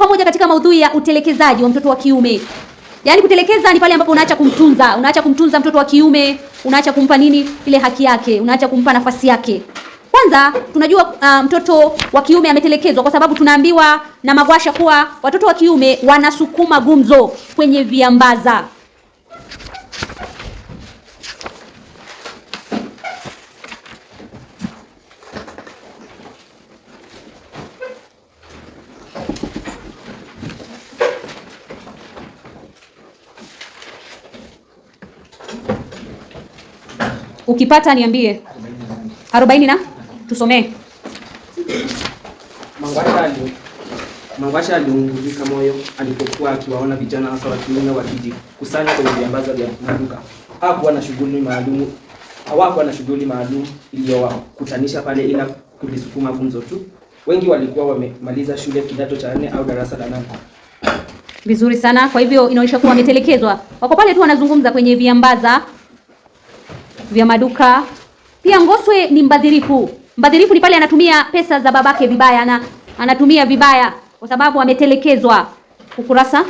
pamoja katika maudhui ya utelekezaji wa mtoto wa kiume. Yaani kutelekeza ni pale ambapo unaacha kumtunza, unaacha kumtunza mtoto wa kiume, unaacha kumpa nini ile haki yake, unaacha kumpa nafasi yake. Kwanza tunajua uh, mtoto wa kiume ametelekezwa kwa sababu tunaambiwa na Magwasha kuwa watoto wa kiume wanasukuma gumzo kwenye viambaza. Ukipata niambie. 40 na tusomee. Mangwasha aliunguzika moyo alipokuwa akiwaona vijana hasa wa kiume wakijikusanya kwenye viambaza vya maduka. Hakuwa na shughuli maalum, hawakuwa na shughuli maalum iliyowakutanisha pale, ila kulisukuma gumzo tu. Wengi walikuwa wamemaliza shule kidato cha nne au darasa la nane. Vizuri sana. Kwa hivyo inaonyesha kuwa wametelekezwa, wako pale tu wanazungumza kwenye viambaza vya maduka. Pia Ngoswe ni mbadhirifu. Mbadhirifu ni pale anatumia pesa za babake vibaya, na anatumia vibaya kwa sababu ametelekezwa. Ukurasa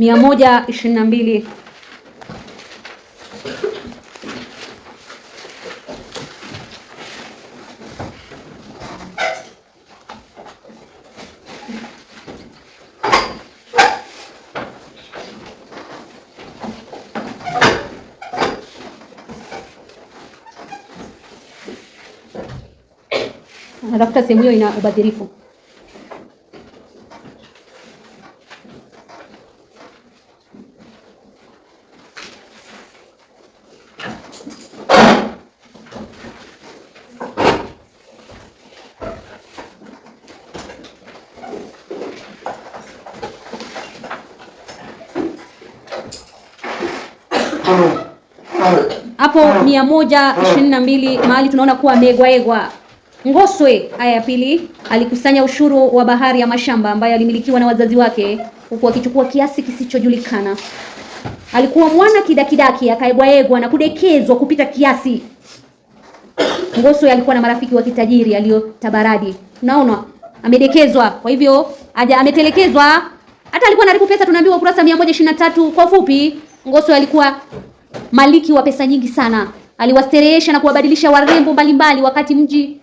mia moja ishirini na mbili Natafuta sehemu hiyo ina ubadhirifu. hapo mm. mia moja ishirini na mbili mm. mahali tunaona kuwa ameegwaegwa. Ngoswe aya ya pili, alikusanya ushuru wa bahari ya mashamba ambayo alimilikiwa na wazazi wake, huku akichukua kiasi kisichojulikana. Alikuwa mwana kidakidaki, akaegwaegwa na kudekezwa kupita kiasi. Ngoswe alikuwa na marafiki wa kitajiri aliyotabaradi. Unaona, amedekezwa, kwa hivyo aja ametelekezwa. Hata alikuwa anaribu pesa, tunaambiwa ukurasa 123 kwa ufupi. Ngoso alikuwa maliki wa pesa nyingi sana, aliwasterehesha na kuwabadilisha warembo mbalimbali wakati mji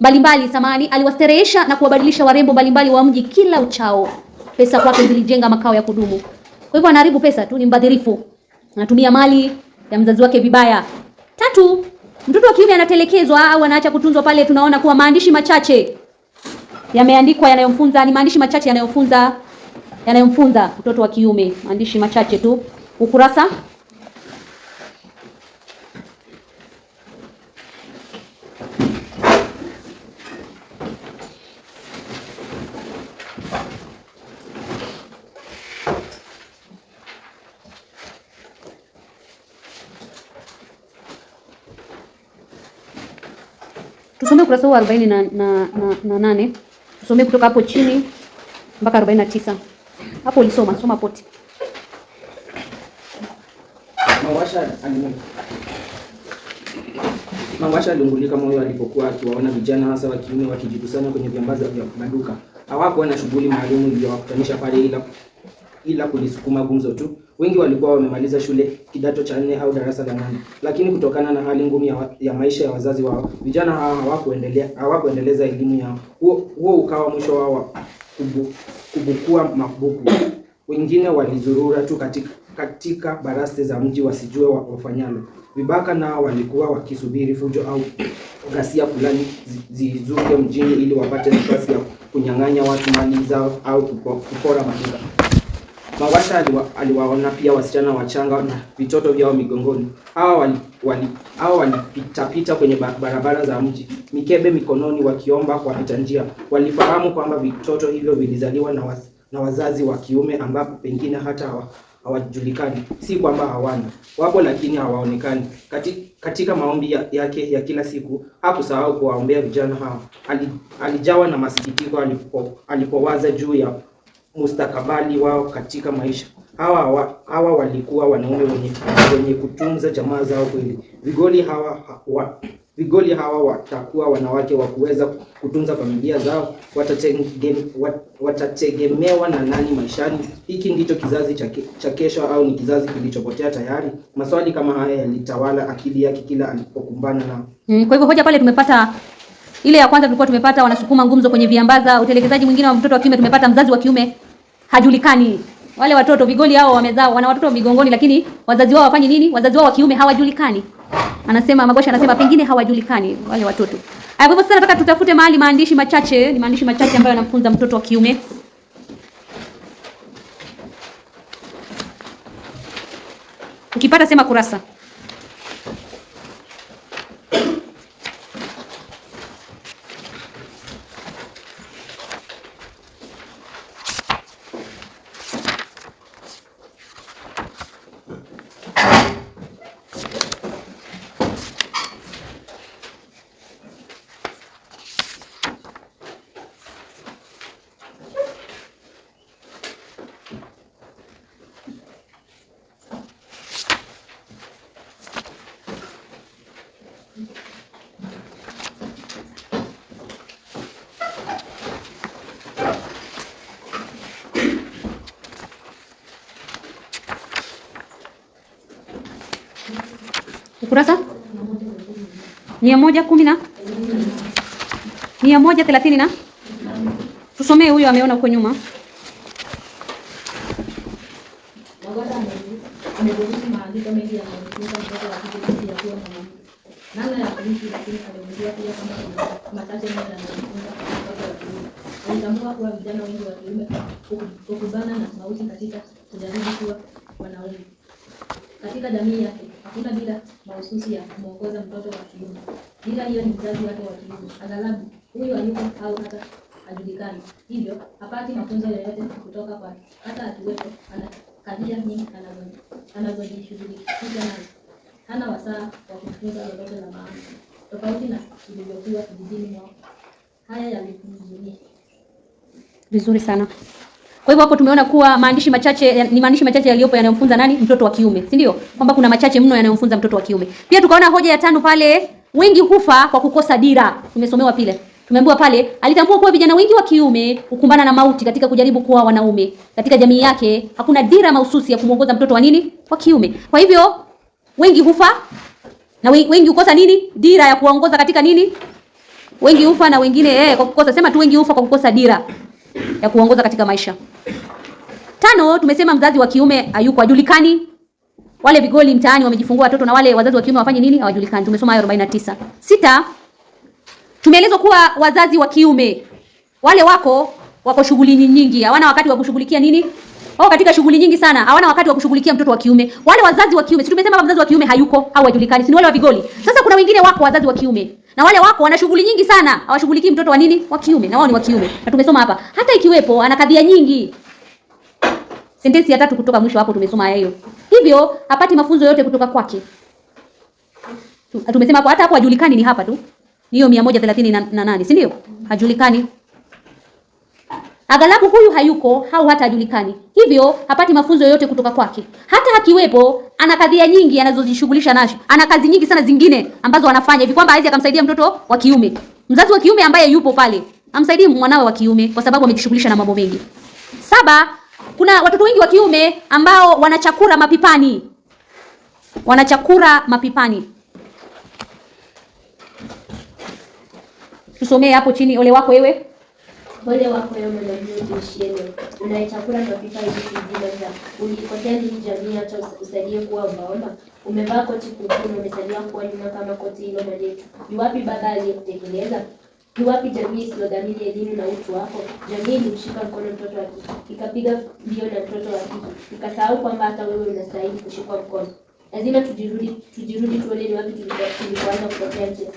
mbalimbali samani, aliwasterehesha na kuwabadilisha warembo mbalimbali wa mji kila uchao. Pesa kwake zilijenga makao ya kudumu. Kwa hivyo anaharibu pesa tu, ni mbadhirifu, anatumia mali ya mzazi wake vibaya. Tatu, mtoto wa kiume anatelekezwa au anaacha kutunzwa pale. Tunaona kuwa maandishi machache yameandikwa yanayomfunza, ni maandishi machache yanayofunza, yanayomfunza mtoto wa kiume, maandishi machache tu ukurasa tusome ukurasa wa arobaini na, na, na, na nane. Tusome kutoka hapo chini mpaka arobaini na tisa. Hapo ulisoma soma poti. Mawasha aliungulika moyo alipokuwa akiwaona vijana hasa wa kiume wakijikusanya kwenye vyambaza vya maduka. Hawakuwa na shughuli maalumu iliyowakutanisha pale ila, ila kulisukuma gumzo tu. Wengi walikuwa wamemaliza shule kidato cha nne au darasa la nane, lakini kutokana na hali ngumu ya, ya maisha ya wazazi wao vijana hawa hawakuendelea hawakuendeleza elimu yao. Huo ukawa mwisho wao wa kubu, kubukua mabuku. Wengine walizurura tu katika katika baraste za mji wasijue wafanyalo. Vibaka nao walikuwa wakisubiri fujo au ghasia fulani zizuke mjini ili wapate nafasi ya kunyang'anya watu mali zao au kupora maduka. Mawasha aliwa, aliwaona pia wasichana wachanga na vitoto vyao migongoni. Hawa walipitapita wali, wali kwenye barabara za mji, mikebe mikononi, wakiomba kwa pita njia. Walifahamu kwamba vitoto hivyo vilizaliwa na, waz, na wazazi wa kiume ambapo pengine hata hawajulikani, si kwamba hawana, wapo lakini hawaonekani. Katika maombi yake ya kila siku hakusahau kuwaombea vijana hao. Alijawa na masikitiko alipowaza juu ya mustakabali wao katika maisha. Hawa, hawa, hawa walikuwa wanaume wenye, wenye kutunza jamaa zao kweli. Vigoli hawa vigoli hawa watakuwa wanawake wa kuweza kutunza familia zao. Watatege, wat, watategemewa na nani maishani? Hiki ndicho kizazi cha kesho au ni kizazi kilichopotea tayari? Maswali kama haya yalitawala akili yake kila alipokumbana nao. Mm, kwa hivyo hoja pale tumepata ile ya kwanza tulikuwa tumepata wanasukuma ngumzo kwenye viambaza. Utelekezaji mwingine wa mtoto wa kiume tumepata mzazi wa kiume hajulikani. Wale watoto vigoli hao wamezaa, wana watoto migongoni, lakini wazazi wao wafanye nini? Wazazi wao wa kiume hawajulikani. Anasema Magosha anasema pengine hawajulikani wale watoto. Haya, hivyo sasa nataka tutafute mahali maandishi machache, ni maandishi machache ambayo anamfunza mtoto wa kiume. Ukipata sema kurasa Ukurasa mia moja kumi na mia moja thelathini na tusomee huyo ameona huko nyuma. Alitambua kuwa vijana wengi wa kiume kukubana na mauti katika kujaribu kuwa wanaume. Katika jamii yake hakuna dira mahususi ya kumwongoza mtoto wa kiume. Dira hiyo ni mzazi wake wa kiume, aghalabu huyu hayupo au hata hajulikani, hivyo hapati mafunzo yoyote kutoka kwake. Hata akiwepo, ana kadhia nyingi anazojishughulikisha nazo, hana wasaa wa kufunza lolote la maana, tofauti na ilivyokuwa kijijini mwao. Haya yalimhuzunisha vizuri sana. Kwa hivyo hapo tumeona kuwa maandishi machache ni maandishi machache yaliyopo yanayomfunza nani mtoto wa kiume, si ndio? Kwamba kuna machache mno yanayomfunza mtoto wa kiume. Pia tukaona hoja ya tano pale, wengi hufa kwa kukosa dira. Tumesomewa pile. Tumeambiwa pale alitambua kuwa vijana wengi wa kiume hukumbana na mauti katika kujaribu kuwa wanaume. Katika jamii yake hakuna dira mahususi ya kumuongoza mtoto wa nini? Wa kiume. Kwa hivyo wengi hufa na wengi hukosa nini? Dira ya kuongoza katika nini? Wengi hufa na wengine eh, kwa kukosa sema tu wengi hufa kwa kukosa dira ya kuongoza katika maisha. Tano, tumesema mzazi wa kiume hayuko ajulikani. Wale vigoli mtaani wamejifungua watoto na wale wazazi wa kiume wafanye nini? Hawajulikani. Tumesoma hayo 49. Sita, tumeelezwa kuwa wazazi wa kiume wale wako wako shughuli nyingi, hawana wakati wa kushughulikia nini? Wako katika shughuli nyingi sana, hawana wakati wa kushughulikia mtoto wa kiume. Wale wazazi wa kiume, si tumesema mzazi wa kiume hayuko au hawajulikani, si wale wa vigoli. Sasa kuna wengine wako wazazi wa kiume na wale wako wana shughuli nyingi sana, hawashughulikii mtoto wa nini? Wa kiume, na wao ni wa kiume. Na tumesoma hapa, hata ikiwepo ana kadhia nyingi Sentensi ya tatu kutoka mwisho hapo tumesoma hayo. Hivyo hapati mafunzo yote kutoka kwake. Tumesema hapo hata hapo hajulikani ni hapa tu. Ni Hiyo 138, si ndio? Hajulikani. Aghalabu huyu hayuko au hata hajulikani. Hivyo hapati mafunzo yoyote kutoka kwake. Hata akiwepo ana kadhia nyingi anazojishughulisha nazo. Ana kazi nyingi sana zingine ambazo anafanya hivi kwamba hawezi akamsaidia mtoto wa kiume. Mzazi wa kiume ambaye yupo pale amsaidie mwanawe wa kiume kwa sababu amejishughulisha na mambo mengi. Saba, kuna watoto wengi wa kiume ambao wanachakura mapipani, wanachakura mapipani. Tusomee hapo chini. Ole wako wewe, ole wako wewe mwanamume, ushieni unayechakura mapipani vile vya ulikosea hii jamii, hata usalie kuwa ubaomba. Umevaa koti kuukuna, umesalia kuwa nyuma kama koti hilo mwaletu. Ni wapi baba aliyekutekeleza? Ni wapi jamii isiyodhamini elimu na utu wako? Jamii ilimshika mkono mtoto wa kike, ikapiga mbio na mtoto wa kike, ikasahau kwamba hata wewe unastahili kushikwa mkono. Lazima tujirudi, tujirudi tuone ni wapi tulipoanza kupotea njia.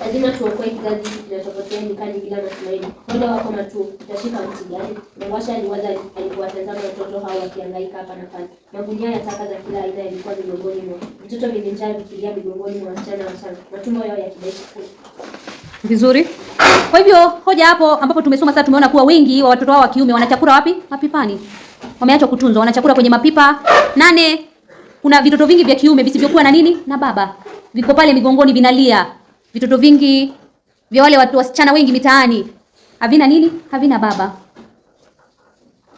Lazima tuokoe kizazi hiki kinachopotea nyikani bila matumaini. Ole wako matuo, utashika mti gani? Mangwasha aliwaza alipowatazama watoto hao wakihangaika hapa na pale. Magunia ya taka za kila aina yalikuwa migongoni mwao. Vitoto vilijaa vikilia migongoni mwa wasichana wachanga, matumbo yao yakidai kuu vizuri. Kwa hivyo hoja hapo ambapo tumesoma sasa, tumeona kuwa wengi wa watoto wao wa kiume wanachakura wapi? Mapipani. Wameachwa kutunzwa, wanachakura kwenye mapipa. Nane, kuna vitoto vingi vya kiume visivyokuwa na nini na baba, viko pale migongoni vinalia. Vitoto vingi vya wale watu wasichana wengi mitaani havina nini, havina baba.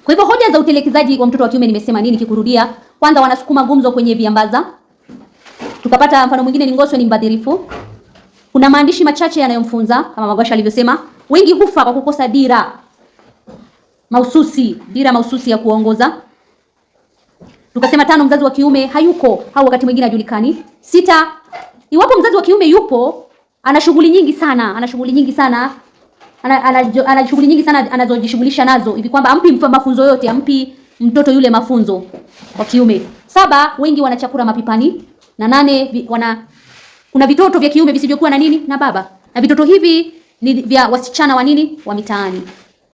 Kwa hivyo hoja za utelekezaji wa mtoto wa kiume nimesema nini, kikurudia. Kwanza wanasukuma gumzo kwenye viambaza, tukapata mfano mwingine ni ngoso ni mbadhirifu kuna maandishi machache yanayomfunza kama Magwasha alivyosema, wengi hufa kwa kukosa dira mahususi, dira mahususi ya kuongoza. Tukasema tano, mzazi wa kiume hayuko au wakati mwingine hajulikani. Sita, iwapo mzazi wa kiume yupo, ana shughuli nyingi sana, ana shughuli nyingi sana ana, ana, ana, ana shughuli nyingi sana anazojishughulisha nazo hivi kwamba ampi mafunzo yote, ampi mtoto yule mafunzo wa kiume. Saba, wengi wanachakura mapipani na nane, wana kuna vitoto vya kiume visivyokuwa na nini na baba, na vitoto hivi ni vya wasichana wa nini wa mitaani.